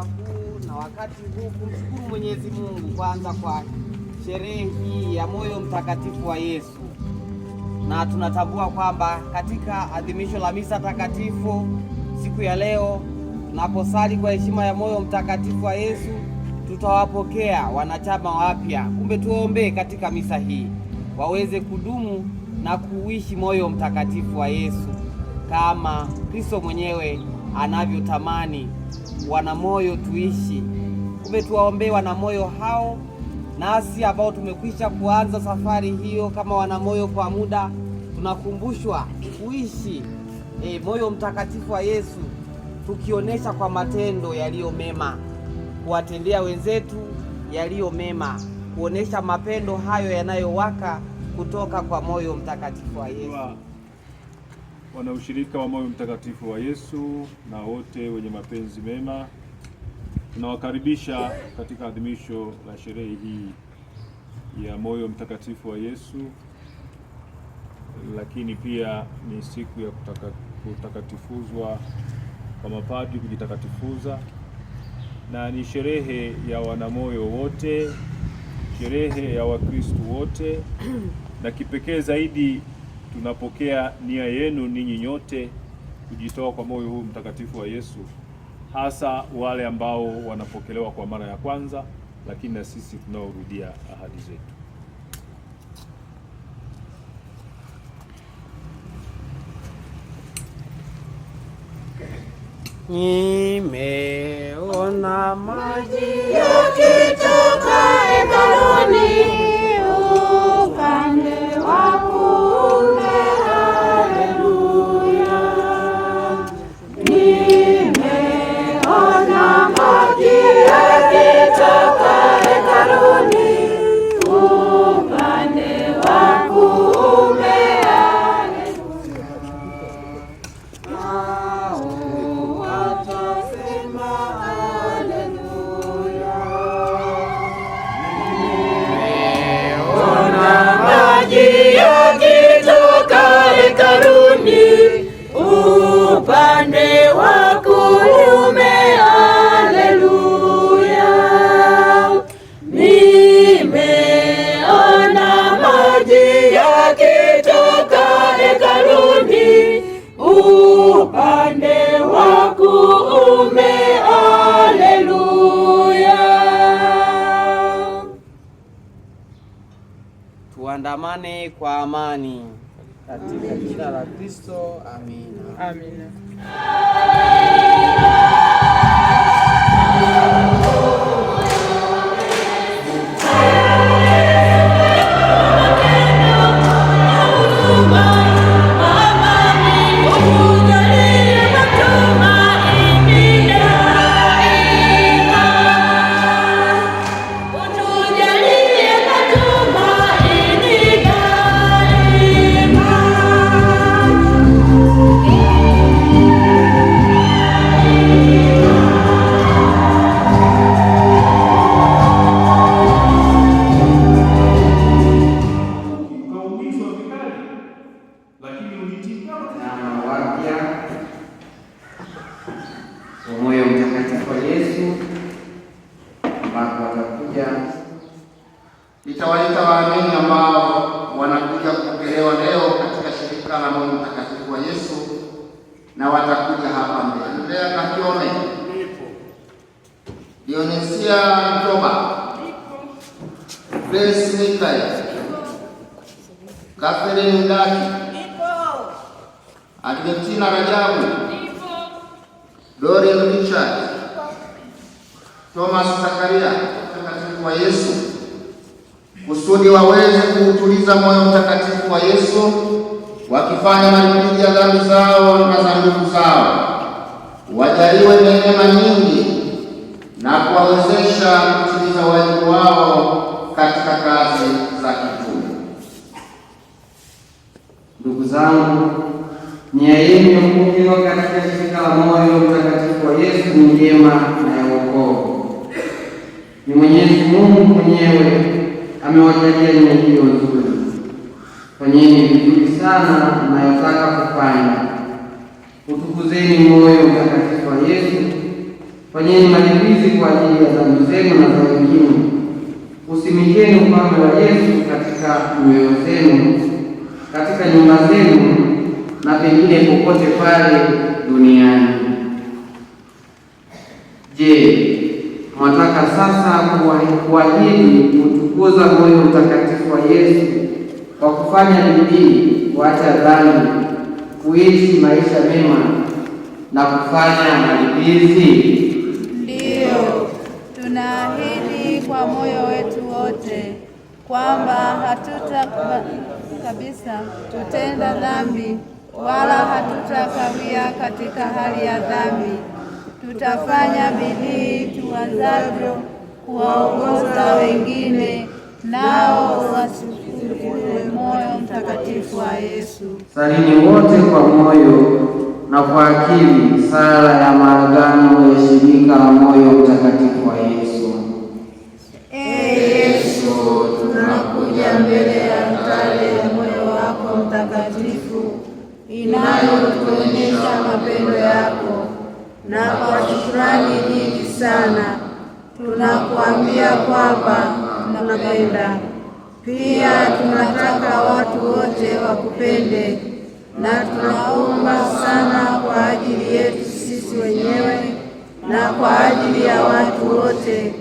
muda huu na wakati huu kumshukuru Mwenyezi Mungu kwanza kwa sherehe hii ya moyo mtakatifu wa Yesu, na tunatambua kwamba katika adhimisho la misa takatifu siku ya leo tunaposali kwa heshima ya moyo mtakatifu wa Yesu tutawapokea wanachama wapya. Kumbe tuombe katika misa hii waweze kudumu na kuishi moyo mtakatifu wa Yesu kama Kristo mwenyewe anavyotamani wana moyo tuishi. Kumbe tuwaombee moyo hao, nasi ambao tumekwisha kuanza safari hiyo kama wana moyo kwa muda, tunakumbushwa kuishi e, moyo mtakatifu wa Yesu, tukionyesha kwa matendo yaliyo mema, kuwatendea wenzetu yaliyo mema, kuonyesha mapendo hayo yanayowaka kutoka kwa moyo mtakatifu wa Yesu wana ushirika wa moyo mtakatifu wa Yesu na wote wenye mapenzi mema, tunawakaribisha katika adhimisho la sherehe hii ya moyo mtakatifu wa Yesu, lakini pia ni siku ya kutaka, kutakatifuzwa kwa mapadri kujitakatifuza, na ni sherehe ya wanamoyo wote, sherehe ya Wakristo wote na kipekee zaidi tunapokea nia yenu ninyi nyote kujitoa kwa moyo huu mtakatifu wa Yesu, hasa wale ambao wanapokelewa kwa mara ya kwanza, lakini na sisi tunaorudia ahadi zetu. Nimeona maji yakitoka hekaluni Mfalme, aleluya. Tuandamane kwa amani katika jina la Kristo, amina, amina. Israel. Catherine Ndaki. Adventina Rajabu. Dorian Richard. Thomas Zakaria, mtakatifu wa Yesu, kusudi waweze kuutuliza moyo mtakatifu wa Yesu, wakifanya maridadi ya dhambi zao na za ndugu zao, wajaliwe neema nyingi na kuwawezesha kutimiza wajibu wao katika kazi za kitume. Ndugu zangu, nia yenu ya katika shirika la moyo mtakatifu wa Yesu ni njema na ya wokovu. Ni Mwenyezi Mungu mwenyewe amewajalia nia hiyo nzuri. Fanyeni vizuri sana mnayotaka kufanya, utukuzeni moyo mtakatifu wa Yesu, fanyeni malipizi kwa ajili ya dhambi zenu na za wengine usimikeni ufalme wa Yesu katika mioyo zenu, katika nyumba zenu, na pengine popote pale duniani. Je, mwataka sasa kuahidi kutukuza moyo mtakatifu wa Yesu kwa kufanya bidii, kuacha dhambi, kuishi maisha mema na kufanya malipizi? Ndiyo, tunaahidi kwa moyo wetu wote kwamba hatuta kabisa tutenda dhambi wala hatutakawia katika hali ya dhambi. Tutafanya bidii tuwazavyo kuwaongoza wengine, nao wasifuwe moyo mtakatifu wa Yesu. Salini wote kwa moyo na kwa akili sala ya maagano ya shirika moyo mtakatifu wa Yesu tunakuja mbele ya altare ya moyo wako mtakatifu inayotuonyesha mapendo yako, na kwa shukrani nyingi sana tunakuambia kwamba tunapenda. Pia tunataka watu wote wakupende, na tunaomba sana kwa ajili yetu sisi wenyewe na kwa ajili ya watu wote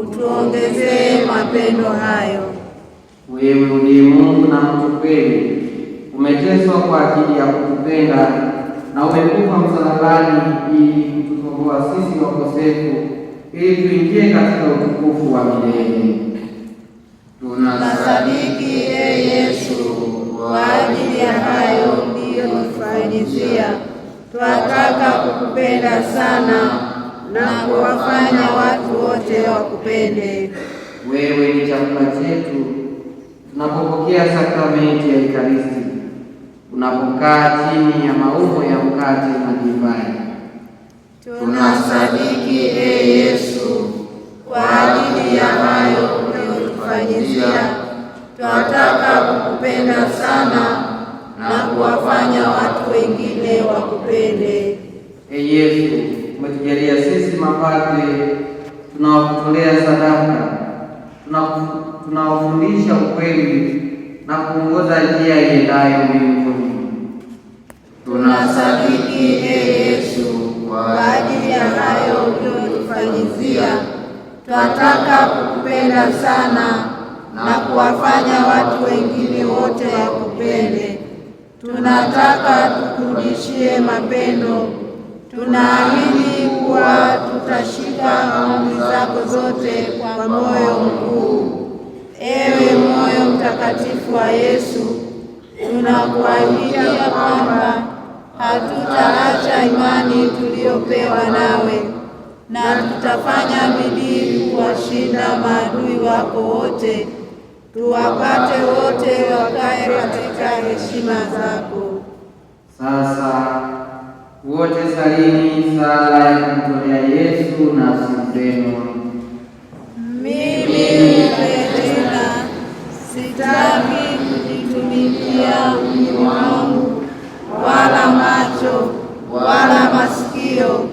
utuongezee mapendo hayo. Wewe uliye Mungu na mtu kweli, umeteswa kwa ajili ya kutupenda na umekufa msalabani ili kutukomboa sisi wakosefu, ili tuingie katika utukufu wa milele. Tunasadiki e ee Yesu, kwa ajili ya hayo ndiyo tufanyizia, twataka kukupenda sana na kuwafanya watu wote wakupende. Wewe ni chakula chetu tunapopokea sakramenti ya Ekaristi, unapokaa chini ya maumo ya mkate na divai. Tunasadiki e Yesu, kwa ajili ya hayo uliyotufanyizia, twataka kukupenda sana na kuwafanya watu wengine wakupende. E Yesu, umetujalia sisi mapadri tunaokutolea sadaka, tunawafundisha ukweli na kuongoza njia iendayo mbinguni. Tunasadiki ee Yesu kwa ajili ya hayo uliyotufanyizia, twataka kukupenda sana na kuwafanya watu wengine wote wakupende. Tunataka tukurudishie mapendo tunaamini kuwa tutashika amri zako zote kwa moyo mkuu. Ewe moyo mtakatifu wa Yesu, tunakuahidia kwamba hatutaacha imani tuliyopewa nawe, na tutafanya bidii kuwashinda maadui wako wote, tuwapate wote wakae katika heshima zako. Sasa wote salini sala ya kumtolea Yesu nafsi zenu. Mimi tena sitaki kujitumikia ulimi wangu, wala macho, wala masikio,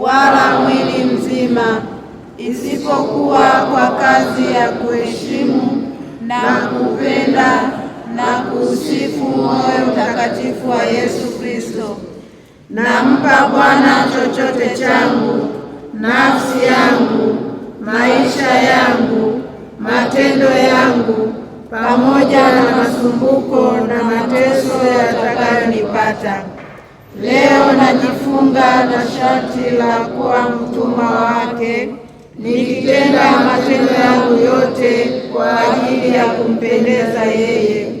wala mwili mzima, isipokuwa kwa kazi ya kuheshimu na kupenda na kusifu moyo mtakatifu wa Yesu Nampa Bwana chochote changu, nafsi yangu, maisha yangu, matendo yangu, pamoja na masumbuko na mateso yatakayonipata. Leo najifunga na sharti la kuwa mtumwa wake, nikitenda matendo yangu yote kwa ajili ya kumpendeza yeye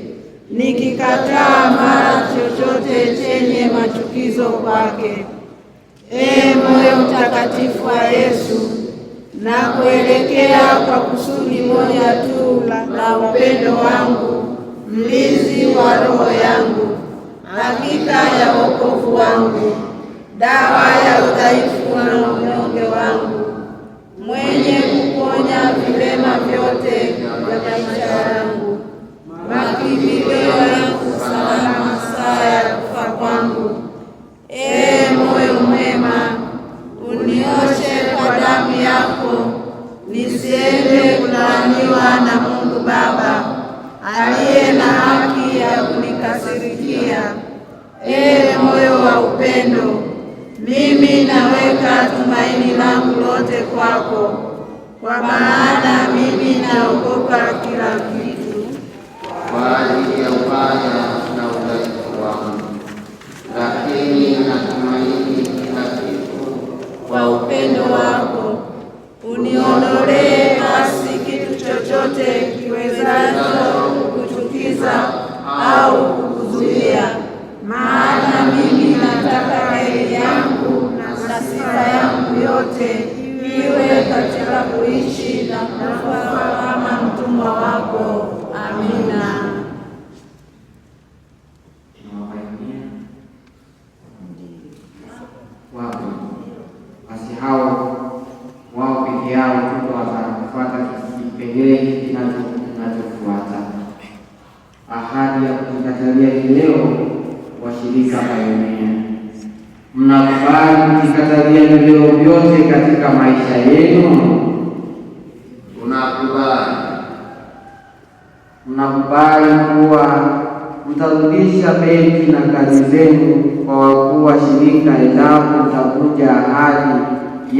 nikikataa mara chochote chenye machukizo kwake. Ee moyo mtakatifu wa Yesu, na kuelekea kwa kusudi moja tu la upendo wangu, mlinzi wa roho yangu, hakika ya wokovu wangu, dawa ya udhaifu na unyonge wangu, mwenye kuponya vilema vyote Ee moyo wa upendo, mimi naweka tumaini langu lote kwako, kwa maana mimi naogopa kila kitu kwa ajili ya ubaya na udhaifu wangu, lakini natumaini kila kitu kwa upendo wako. Uniondolee basi kitu chochote kiwezacho kuchukiza au miaka yangu yote iwe katika kuishi na kufa kama mtumwa wako. mnatarajia vileo vyote katika maisha yenu? Tunakubali, mnakubali kuwa mtarudisha benki na kazi zenu kwa wakuu wa shirika endapo mtavunja ahadi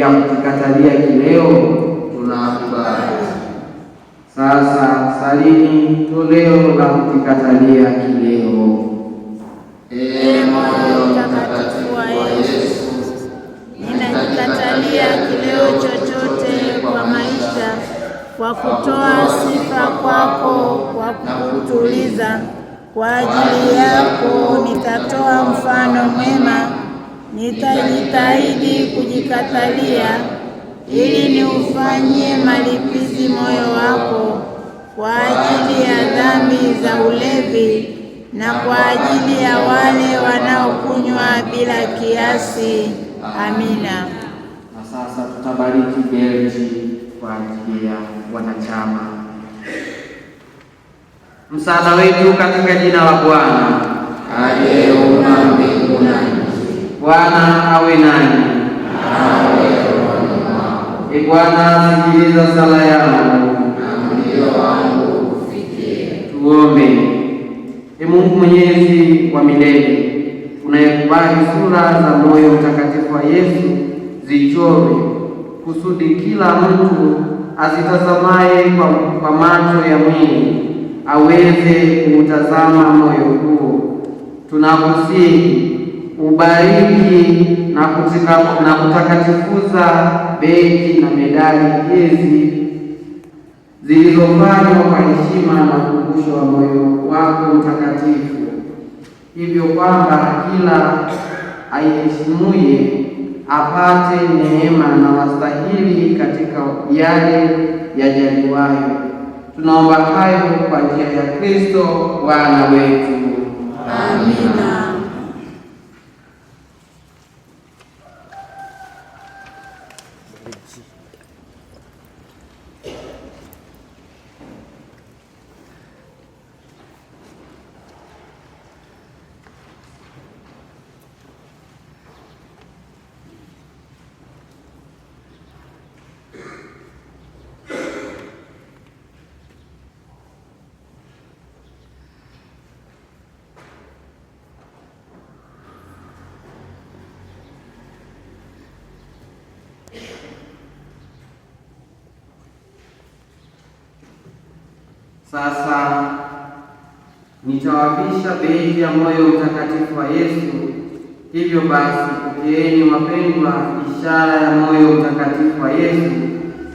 ya kutikatalia kileo? Tunakubali. Sasa salini toleo la kutikatalia kileo. kwa kutoa sifa kwako kwa kukutuliza Kwa ajili yako nitatoa mfano mwema, nitajitahidi kujikatalia, ili niufanyie malipizi moyo wako kwa ajili ya dhambi za ulevi na kwa ajili ya wale wanaokunywa bila kiasi. Amina. Na sasa tutabariki Belgi kwa ajili yako wanachama. Msaada wetu katika jina la Bwana aliyeumba mbingu na nchi. Bwana awe nani? Awe mwako. E Bwana, sikiliza sala yangu na mlio wangu usikie. Tuombe. Ee Mungu mwenyezi wa milele unayekubali sura za moyo mtakatifu wa Yesu zichore kusudi kila mtu azitazamaye kwa, kwa macho ya mwili aweze kuutazama moyo huo. Tunakusihi ubariki na kutika, na kutakatifuza beti na medali hizi zilizofanywa kwa heshima na ukumbusho wa moyo wako mtakatifu, hivyo kwamba kila aiheshimuye apate neema na wastahili katika yale yajaliwayo. Tunaomba hayo kwa njia ya Kristo Bwana wetu. Amina. Sasa nitawavisha beji ya moyo mtakatifu wa Yesu. Hivyo basi, pokeeni wapendwa, ishara ya moyo mtakatifu wa Yesu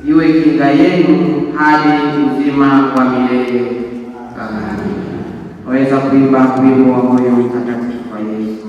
iwe kinga yenu hadi uzima wa milele. Amen. Waweza kuimba wimbo wa moyo mtakatifu wa Yesu.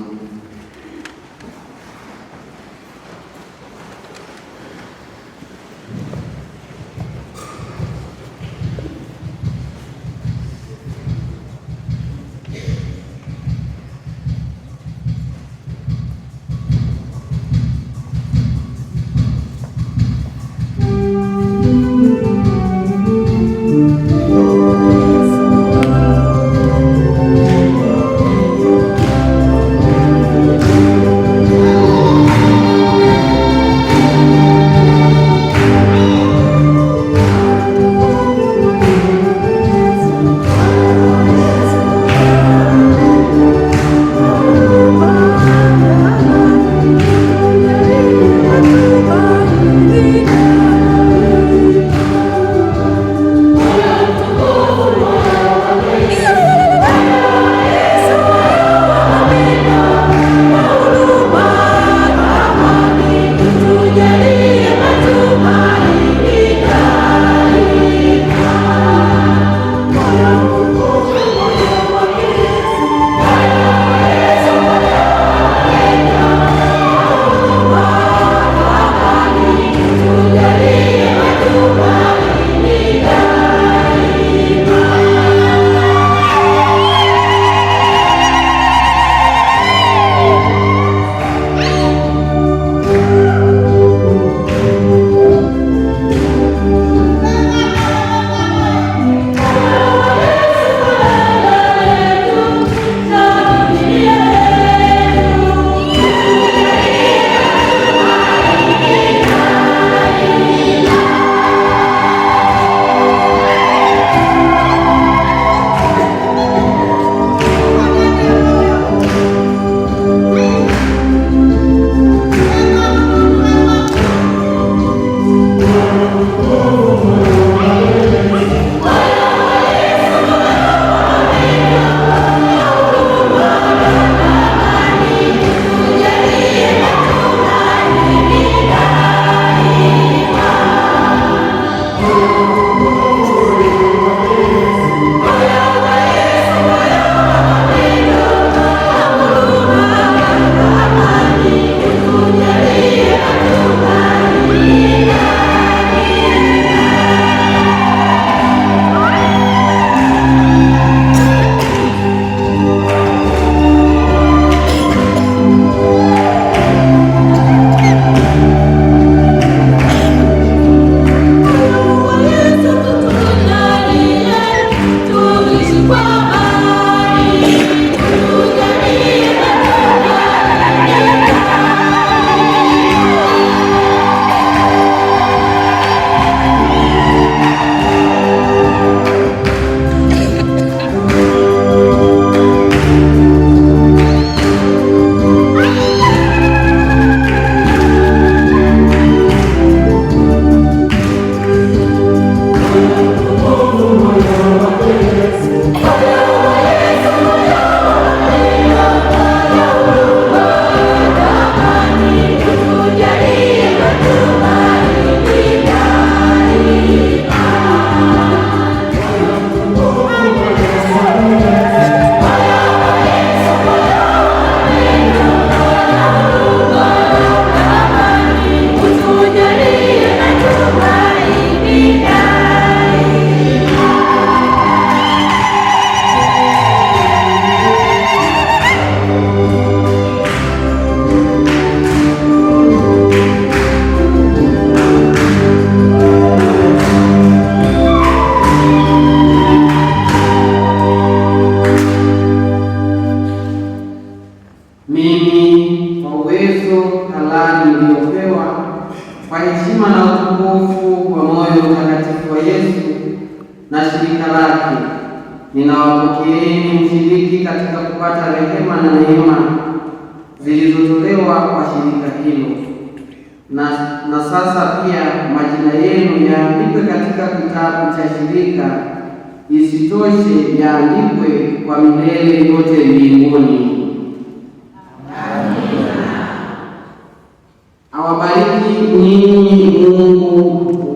ninyi Mungu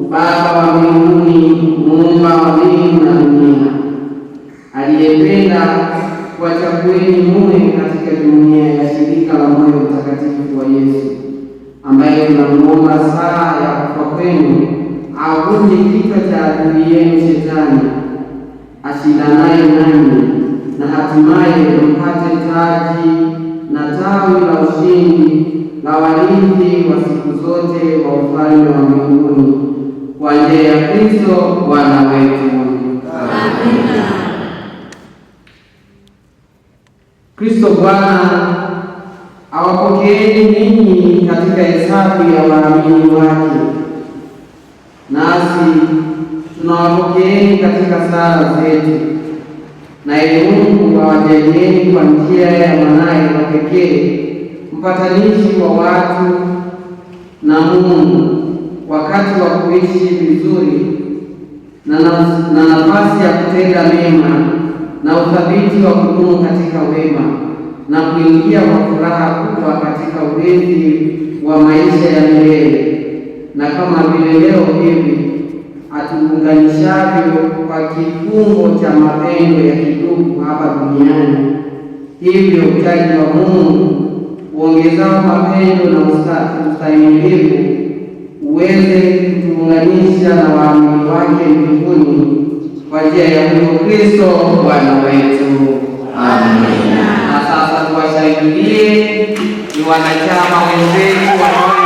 Baba wa mbinguni, muumba wa mbingu na dunia, aliyependa kuwachagueni muwe katika jumuiya ya shirika la moyo mtakatifu wa Yesu, ambaye tunamuomba saa ya kufa kwenu avunje kichwa cha adui yenu Shetani, ashindanaye nanyi, na hatimaye mpate taji na tawi la ushindi la walinzi wa siku zote wa ufalme wa mbinguni kwa njia ya Kristo Bwana wetu. Amina. Kristo Bwana awapokeeni ninyi katika hesabu ya waamini wake, nasi tunawapokeeni katika sala zetu na naye Mungu awajalieni kwa njia ya mwanaye wa pekee mpatanishi wa watu na Mungu, wakati wa kuishi vizuri na nafasi ya kutenda mema na uthabiti wa kudumu katika wema na kuingia kwa furaha kubwa katika ulinzi wa maisha ya milele, na kama vile leo hivi kiunganishavyo kwa kifungo cha mapendo ya kidugu hapa duniani, hivyo uchaji wa Mungu uongezao mapendo na ustahimilivu uweze kutuunganisha na waamini wake mbinguni kwa njia ya huyo Kristo Bwana wetu. Amina. Na sasa tuwashangilie ni wanachama wenzetu wa